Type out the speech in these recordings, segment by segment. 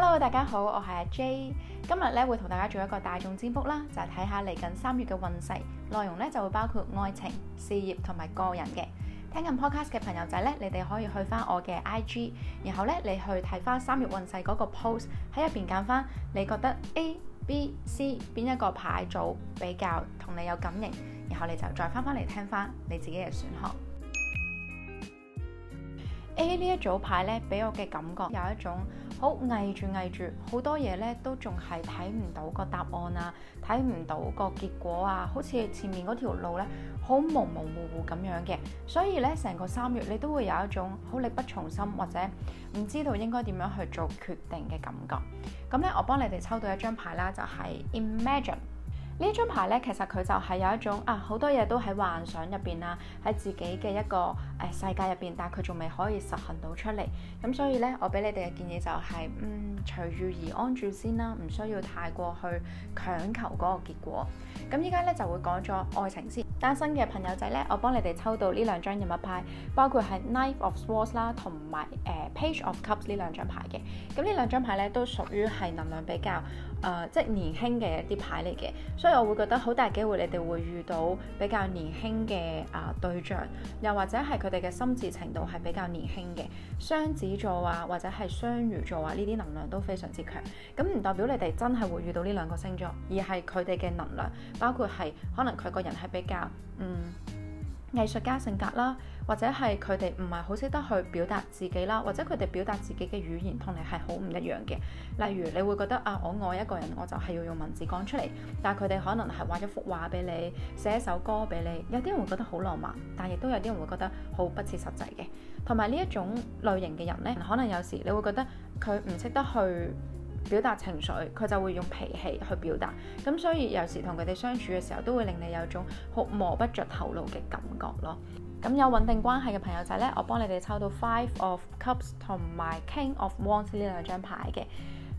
Hello，大家好，我係阿 J。今日咧會同大家做一個大眾占卜啦，就係睇下嚟緊三月嘅運勢，內容咧就會包括愛情、事業同埋個人嘅。聽緊 Podcast 嘅朋友仔咧，你哋可以去翻我嘅 IG，然後咧你去睇翻三月運勢嗰個 post，喺入邊揀翻你覺得 A、B、C 邊一個牌組比較同你有感應，然後你就再翻翻嚟聽翻你自己嘅選項。A 呢一組牌咧，俾我嘅感覺有一種。好捱住捱住，好多嘢咧都仲係睇唔到個答案啊，睇唔到個結果啊，好似前面嗰條路咧好模模糊糊咁樣嘅，所以咧成個三月你都會有一種好力不從心或者唔知道應該點樣去做決定嘅感覺。咁咧我幫你哋抽到一張牌啦，就係 Imagine。呢張牌呢，其實佢就係有一種啊，好多嘢都喺幻想入邊啊，喺自己嘅一個誒世界入邊，但係佢仲未可以實行到出嚟。咁所以呢，我俾你哋嘅建議就係，嗯，隨遇而安住先啦，唔需要太過去強求嗰個結果。咁依家呢，就會講咗愛情先，單身嘅朋友仔呢，我幫你哋抽到呢兩張人物牌，包括係 Knight of Swords 啦，同埋誒 Page of Cups 呢兩張牌嘅。咁呢兩張牌呢，都屬於係能量比較，誒、呃，即係年輕嘅一啲牌嚟嘅，所以我會覺得好大機會你哋會遇到比較年輕嘅啊、呃、對象，又或者係佢哋嘅心智程度係比較年輕嘅。雙子座啊，或者係雙魚座啊，呢啲能量都非常之強。咁唔代表你哋真係會遇到呢兩個星座，而係佢哋嘅能量，包括係可能佢個人係比較嗯。藝術家性格啦，或者係佢哋唔係好識得去表達自己啦，或者佢哋表達自己嘅語言同你係好唔一樣嘅。例如，你會覺得啊，我愛一個人，我就係要用文字講出嚟，但係佢哋可能係畫一幅畫俾你，寫一首歌俾你。有啲人會覺得好浪漫，但係亦都有啲人會覺得好不切實際嘅。同埋呢一種類型嘅人呢，可能有時你會覺得佢唔識得去表達情緒，佢就會用脾氣去表達，咁所以有時同佢哋相處嘅時候，都會令你有種好摸不着頭腦嘅感覺咯。咁有穩定關係嘅朋友仔呢，我幫你哋抽到 Five of Cups 同埋 King of Wands 呢兩張牌嘅。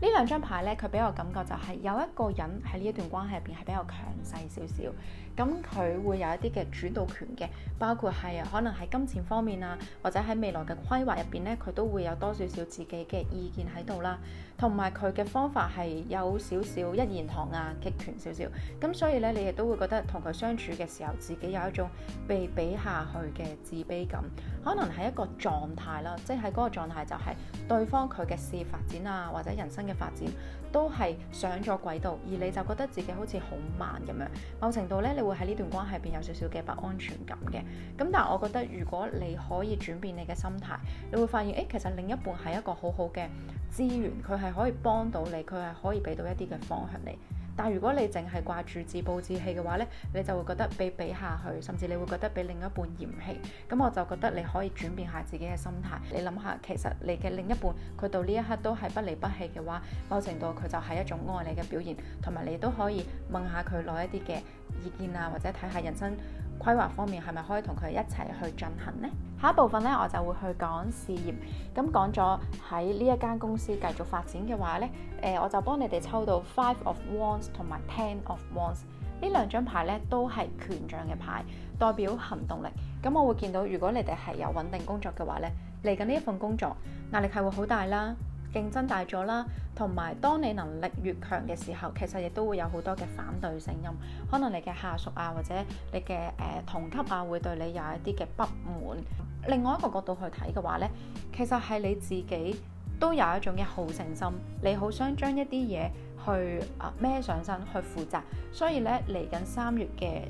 兩張呢兩張牌咧，佢俾我感覺就係有一個人喺呢一段關係入邊係比較強勢少少，咁佢會有一啲嘅主導權嘅，包括係可能喺金錢方面啊，或者喺未來嘅規劃入邊咧，佢都會有多少少自己嘅意見喺度啦，同埋佢嘅方法係有少少一言堂啊，極權少少，咁所以咧，你亦都會覺得同佢相處嘅時候，自己有一種被比下去嘅自卑感，可能係一個狀態啦，即係喺嗰個狀態就係對方佢嘅事業發展啊，或者人生發展都係上咗軌道，而你就覺得自己好似好慢咁樣。某程度咧，你會喺呢段關係入邊有少少嘅不安全感嘅。咁但係我覺得，如果你可以轉變你嘅心態，你會發現，誒、哎，其實另一半係一個好好嘅資源，佢係可以幫到你，佢係可以俾到一啲嘅方向你。但如果你淨係掛住自暴自棄嘅話呢，你就會覺得被比下去，甚至你會覺得被另一半嫌棄。咁我就覺得你可以轉變下自己嘅心態。你諗下，其實你嘅另一半佢到呢一刻都係不離不棄嘅話，某程度佢就係一種愛你嘅表現。同埋你都可以問下佢攞一啲嘅意見啊，或者睇下人生規劃方面係咪可以同佢一齊去進行呢？下一部分咧，我就會去講事業。咁講咗喺呢一間公司繼續發展嘅話咧，誒、呃，我就幫你哋抽到 Five of Wands 同埋 Ten of Wands 呢兩張牌咧，都係權杖嘅牌，代表行動力。咁我會見到，如果你哋係有穩定工作嘅話咧，嚟緊呢一份工作壓力係會好大啦。競爭大咗啦，同埋當你能力越強嘅時候，其實亦都會有好多嘅反對聲音，可能你嘅下屬啊，或者你嘅誒、呃、同級啊，會對你有一啲嘅不滿。另外一個角度去睇嘅話呢，其實係你自己都有一種嘅好勝心，你好想將一啲嘢去啊孭上身去負責。所以呢，嚟緊三月嘅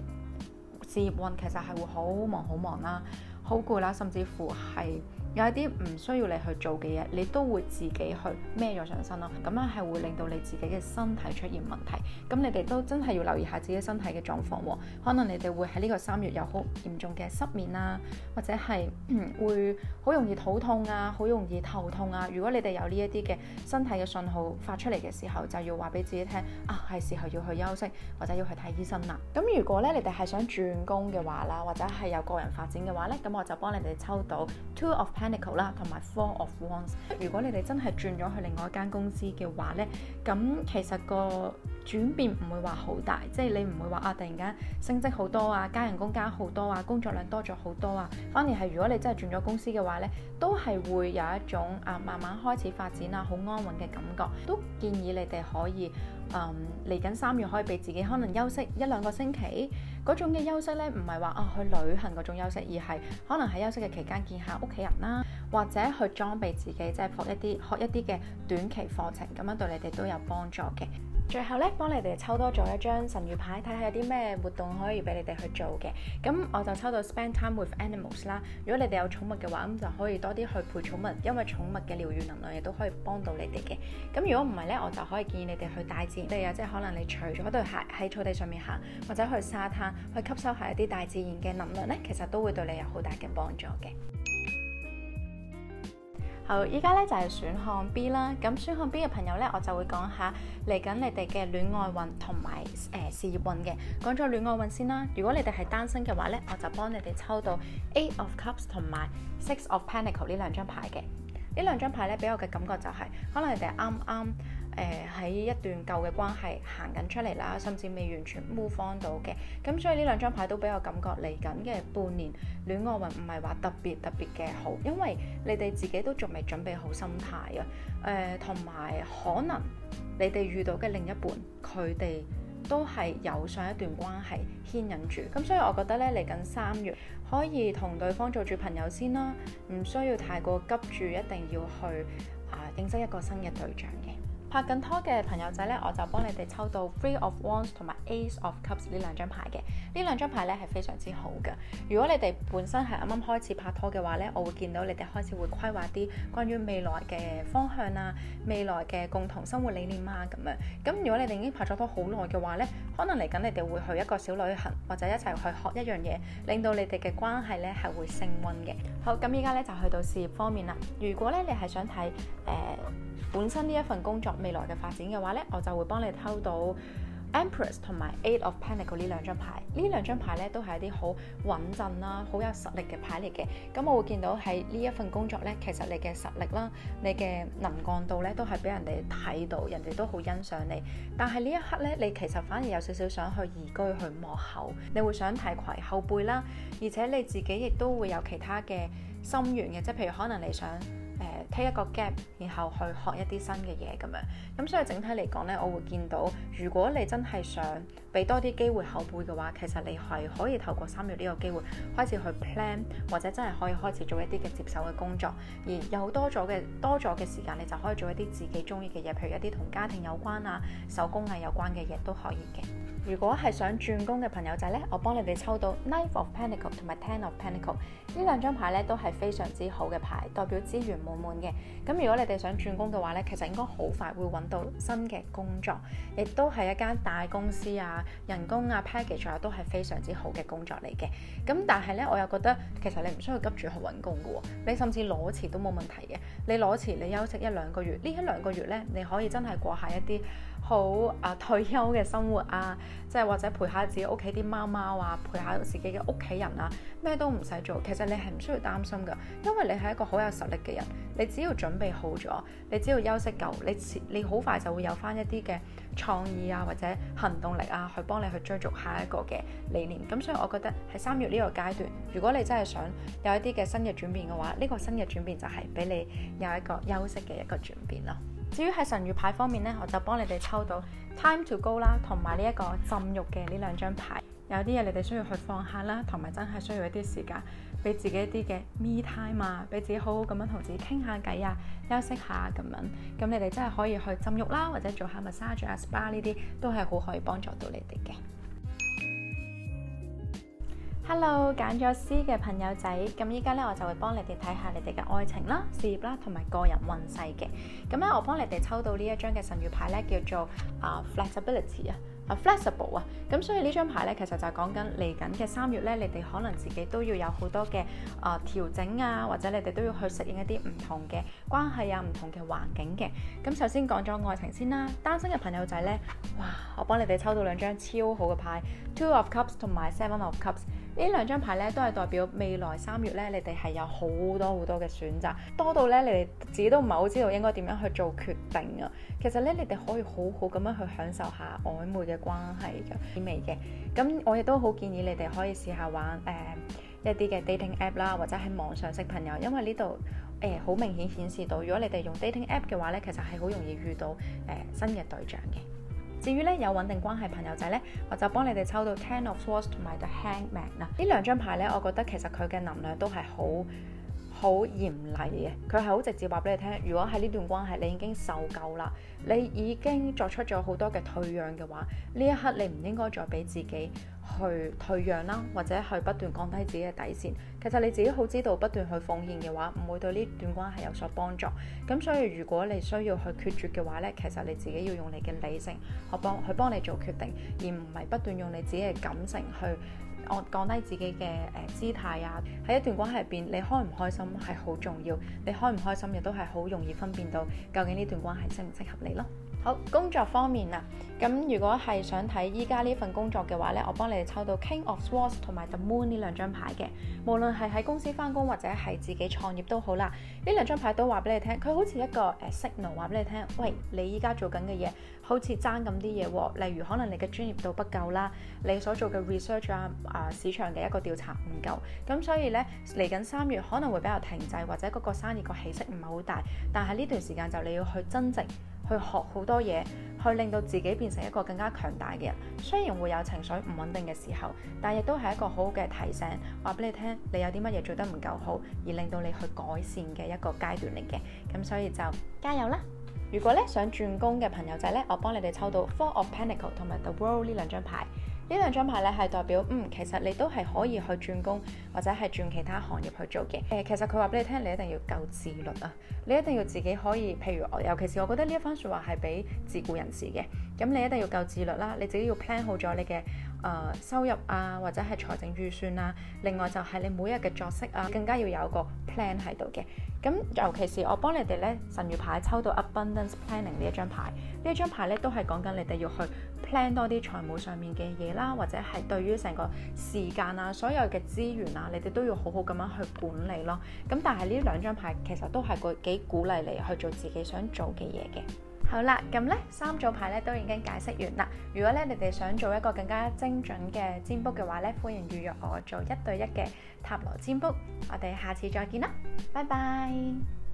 事業運其實係會好忙好忙啦，好攰啦，甚至乎係。有一啲唔需要你去做嘅嘢，你都會自己去孭咗上身咯，咁樣係會令到你自己嘅身體出現問題，咁你哋都真係要留意下自己身體嘅狀況，可能你哋會喺呢個三月有好嚴重嘅失眠啊，或者係會好容易肚痛啊，好容易頭痛啊。如果你哋有呢一啲嘅身體嘅信號發出嚟嘅時候，就要話俾自己聽，啊，係時候要去休息，或者要去睇醫生啦。咁如果咧你哋係想轉工嘅話啦，或者係有個人發展嘅話咧，咁我就幫你哋抽到 two of Technical 啦，同埋 Four of Wands。如果你哋真係轉咗去另外一間公司嘅話呢，咁其實個轉變唔會話好大，即係你唔會話啊，突然間升職好多啊，加人工加好多啊，工作量多咗好多啊。反而係如果你真係轉咗公司嘅話呢，都係會有一種啊，慢慢開始發展啊，好安穩嘅感覺。都建議你哋可以。嚟緊、um, 三月可以俾自己可能休息一兩個星期，嗰種嘅休息呢，唔係話啊去旅行嗰種休息，而係可能喺休息嘅期間見下屋企人啦，或者去裝備自己，即係學一啲、學一啲嘅短期課程，咁樣對你哋都有幫助嘅。最後咧，幫你哋抽多咗一張神諭牌，睇下有啲咩活動可以俾你哋去做嘅。咁我就抽到 spend time with animals 啦。如果你哋有寵物嘅話，咁就可以多啲去陪寵物，因為寵物嘅療愈能量亦都可以幫到你哋嘅。咁如果唔係咧，我就可以建議你哋去大自然地啊，即係可能你除咗對鞋喺草地上面行，或者去沙灘去吸收下一啲大自然嘅能量咧，其實都會對你有好大嘅幫助嘅。好，依家咧就係選項 B 啦，咁選項 B 嘅朋友咧，我就會講下嚟緊你哋嘅戀愛運同埋誒事業運嘅。講咗戀愛運先啦，如果你哋係單身嘅話咧，我就幫你哋抽到 A of Cups 同埋 Six of Pentacles 呢兩張牌嘅。呢兩張牌咧，俾我嘅感覺就係、是、可能你哋啱啱。誒喺、呃、一段舊嘅關係行緊出嚟啦，甚至未完全 move on 到嘅，咁所以呢兩張牌都俾我感覺嚟緊嘅半年戀愛運唔係話特別特別嘅好，因為你哋自己都仲未準備好心態啊。誒同埋可能你哋遇到嘅另一半佢哋都係有上一段關係牽引住，咁所以我覺得咧嚟緊三月可以同對方做住朋友先啦，唔需要太過急住一定要去啊、呃、認識一個新嘅對象嘅。拍緊拖嘅朋友仔呢，我就幫你哋抽到 Three of Wands 同埋 Ace of Cups 呢兩張牌嘅。呢兩張牌呢係非常之好嘅。如果你哋本身係啱啱開始拍拖嘅話呢，我會見到你哋開始會規劃啲關於未來嘅方向啊，未來嘅共同生活理念啊咁樣。咁如果你哋已經拍咗拖好耐嘅話呢，可能嚟緊你哋會去一個小旅行，或者一齊去學一樣嘢，令到你哋嘅關係呢係會升溫嘅。好，咁依家呢就去到事業方面啦。如果咧你係想睇誒、呃本身呢一份工作未來嘅發展嘅話呢，我就會幫你抽到 Empress 同埋 Eight of Pentacle 呢兩張牌。呢兩張牌呢，都係一啲好穩陣啦、好有實力嘅牌嚟嘅。咁我會見到喺呢一份工作呢，其實你嘅實力啦、你嘅能幹度呢，都係俾人哋睇到，人哋都好欣賞你。但係呢一刻呢，你其實反而有少少想去移居去幕後，你會想提攜後輩啦，而且你自己亦都會有其他嘅心願嘅，即係譬如可能你想，誒一個 gap，然後去學一啲新嘅嘢咁樣，咁、嗯、所以整體嚟講呢，我會見到，如果你真係想俾多啲機會後輩嘅話，其實你係可以透過三月呢個機會開始去 plan，或者真係可以開始做一啲嘅接手嘅工作，而有多咗嘅多咗嘅時間，你就可以做一啲自己中意嘅嘢，譬如一啲同家庭有關啊、手工藝、啊、有關嘅嘢都可以嘅。如果係想轉工嘅朋友仔呢，我幫你哋抽到 Knight of Pentacle 同埋 Ten of Pentacle 呢兩張牌呢，都係非常之好嘅牌，代表資源。澳嘅，咁如果你哋想轉工嘅話呢，其實應該好快會揾到新嘅工作，亦都係一間大公司啊，人工啊，package 啊，都係非常之好嘅工作嚟嘅。咁但係呢，我又覺得其實你唔需要急住去揾工嘅，你甚至攞錢都冇問題嘅。你攞錢，你休息一兩個月，呢一兩個月呢，你可以真係過下一啲。好啊，退休嘅生活啊，即係或者陪下自己屋企啲貓貓啊，陪下自己嘅屋企人啊，咩都唔使做。其實你係唔需要擔心噶，因為你係一個好有實力嘅人，你只要準備好咗，你只要休息夠，你你好快就會有翻一啲嘅創意啊，或者行動力啊，去幫你去追逐下一個嘅理念。咁所以我覺得喺三月呢個階段，如果你真係想有一啲嘅新嘅轉變嘅話，呢個新嘅轉變就係俾你有一個休息嘅一個轉變咯。至於喺神諭牌方面咧，我就幫你哋抽到 Time to go 啦，同埋呢一個浸浴嘅呢兩張牌。有啲嘢你哋需要去放下啦，同埋真係需要一啲時間，俾自己一啲嘅 me time 啊，俾自己好好咁樣同自己傾下偈啊，休息下咁樣。咁你哋真係可以去浸浴啦，或者做下 massage 啊 spa 呢啲，都係好可以幫助到你哋嘅。hello，揀咗 C 嘅朋友仔，咁依家咧，我就會幫你哋睇下你哋嘅愛情啦、事業啦同埋個人運勢嘅。咁咧，我幫你哋抽到一張呢一張嘅神諭牌咧，叫做啊 flexibility 啊，啊 flexible 啊。咁所以張呢張牌咧，其實就係講緊嚟緊嘅三月咧，你哋可能自己都要有好多嘅啊調整啊，或者你哋都要去適應一啲唔同嘅關係啊、唔同嘅環境嘅。咁首先講咗愛情先啦，單身嘅朋友仔咧，哇，我幫你哋抽到兩張超好嘅牌，Two of Cups 同埋 Seven of Cups。呢兩張牌咧都係代表未來三月咧，你哋係有好多好多嘅選擇，多到咧你哋自己都唔係好知道應該點樣去做決定啊。其實咧，你哋可以好好咁樣去享受下曖昧嘅關係嘅意味嘅。咁 我亦都好建議你哋可以試下玩誒、呃、一啲嘅 dating app 啦，或者喺網上識朋友，因為呢度誒好明顯顯示到，如果你哋用 dating app 嘅話咧，其實係好容易遇到誒、呃、新嘅對象嘅。至於咧有穩定關係朋友仔咧，我就幫你哋抽到 Ten of Swords 同埋 The Hangman 啦。呢兩張牌咧，我覺得其實佢嘅能量都係好好嚴厲嘅，佢係好直接話俾你聽。如果喺呢段關係你已經受夠啦，你已經作出咗好多嘅退讓嘅話，呢一刻你唔應該再俾自己去退讓啦，或者去不斷降低自己嘅底線。其實你自己好知道不斷去奉獻嘅話，唔會對呢段關係有所幫助。咁所以如果你需要去決絕嘅話咧，其實你自己要用你嘅理性去幫去幫你做決定，而唔係不斷用你自己嘅感情去降降低自己嘅姿態啊。喺一段關係入邊，你開唔開心係好重要，你開唔開心亦都係好容易分辨到究竟呢段關係適唔適合你咯。好，工作方面啊，咁如果係想睇依家呢份工作嘅話呢，我幫你哋抽到 King of Swords 同埋 The Moon 呢兩張牌嘅。無論係喺公司翻工，或者係自己創業都好啦，呢兩張牌都話俾你聽，佢好似一個 signal 話俾你聽，喂，你依家做緊嘅嘢，好似爭咁啲嘢，例如可能你嘅專業度不夠啦，你所做嘅 research 啊，誒、啊、市場嘅一個調查唔夠，咁所以呢嚟緊三月可能會比較停滯或者嗰個生意個起色唔係好大，但係呢段時間就你要去增值。去學好多嘢，去令到自己變成一個更加強大嘅人。雖然會有情緒唔穩定嘅時候，但亦都係一個好好嘅提醒，話俾你聽你有啲乜嘢做得唔夠好，而令到你去改善嘅一個階段嚟嘅。咁所以就加油啦！如果咧想轉工嘅朋友仔咧，我幫你哋抽到 Four of Pentacles 同埋 The World 呢兩張牌。兩呢兩張牌咧係代表，嗯，其實你都係可以去轉工或者係轉其他行業去做嘅。誒、呃，其實佢話俾你聽，你一定要夠自律啊！你一定要自己可以，譬如我，尤其是我覺得呢一番説話係俾自僱人士嘅。咁你一定要夠自律啦，你自己要 plan 好咗你嘅誒、呃、收入啊，或者係財政預算啊。另外就係你每日嘅作息啊，更加要有一個 plan 喺度嘅。咁尤其是我幫你哋咧，神諭牌抽到 Abundance Planning 呢一張牌，呢一張牌咧都係講緊你哋要去 plan 多啲財務上面嘅嘢啦，或者係對於成個時間啊、所有嘅資源啊，你哋都要好好咁樣去管理咯。咁但係呢兩張牌其實都係個幾鼓勵你去做自己想做嘅嘢嘅。好啦，咁呢三組牌呢都已經解釋完啦。如果咧你哋想做一個更加精準嘅占卜嘅話呢，歡迎預約我做一對一嘅塔羅占卜。我哋下次再見啦，拜拜。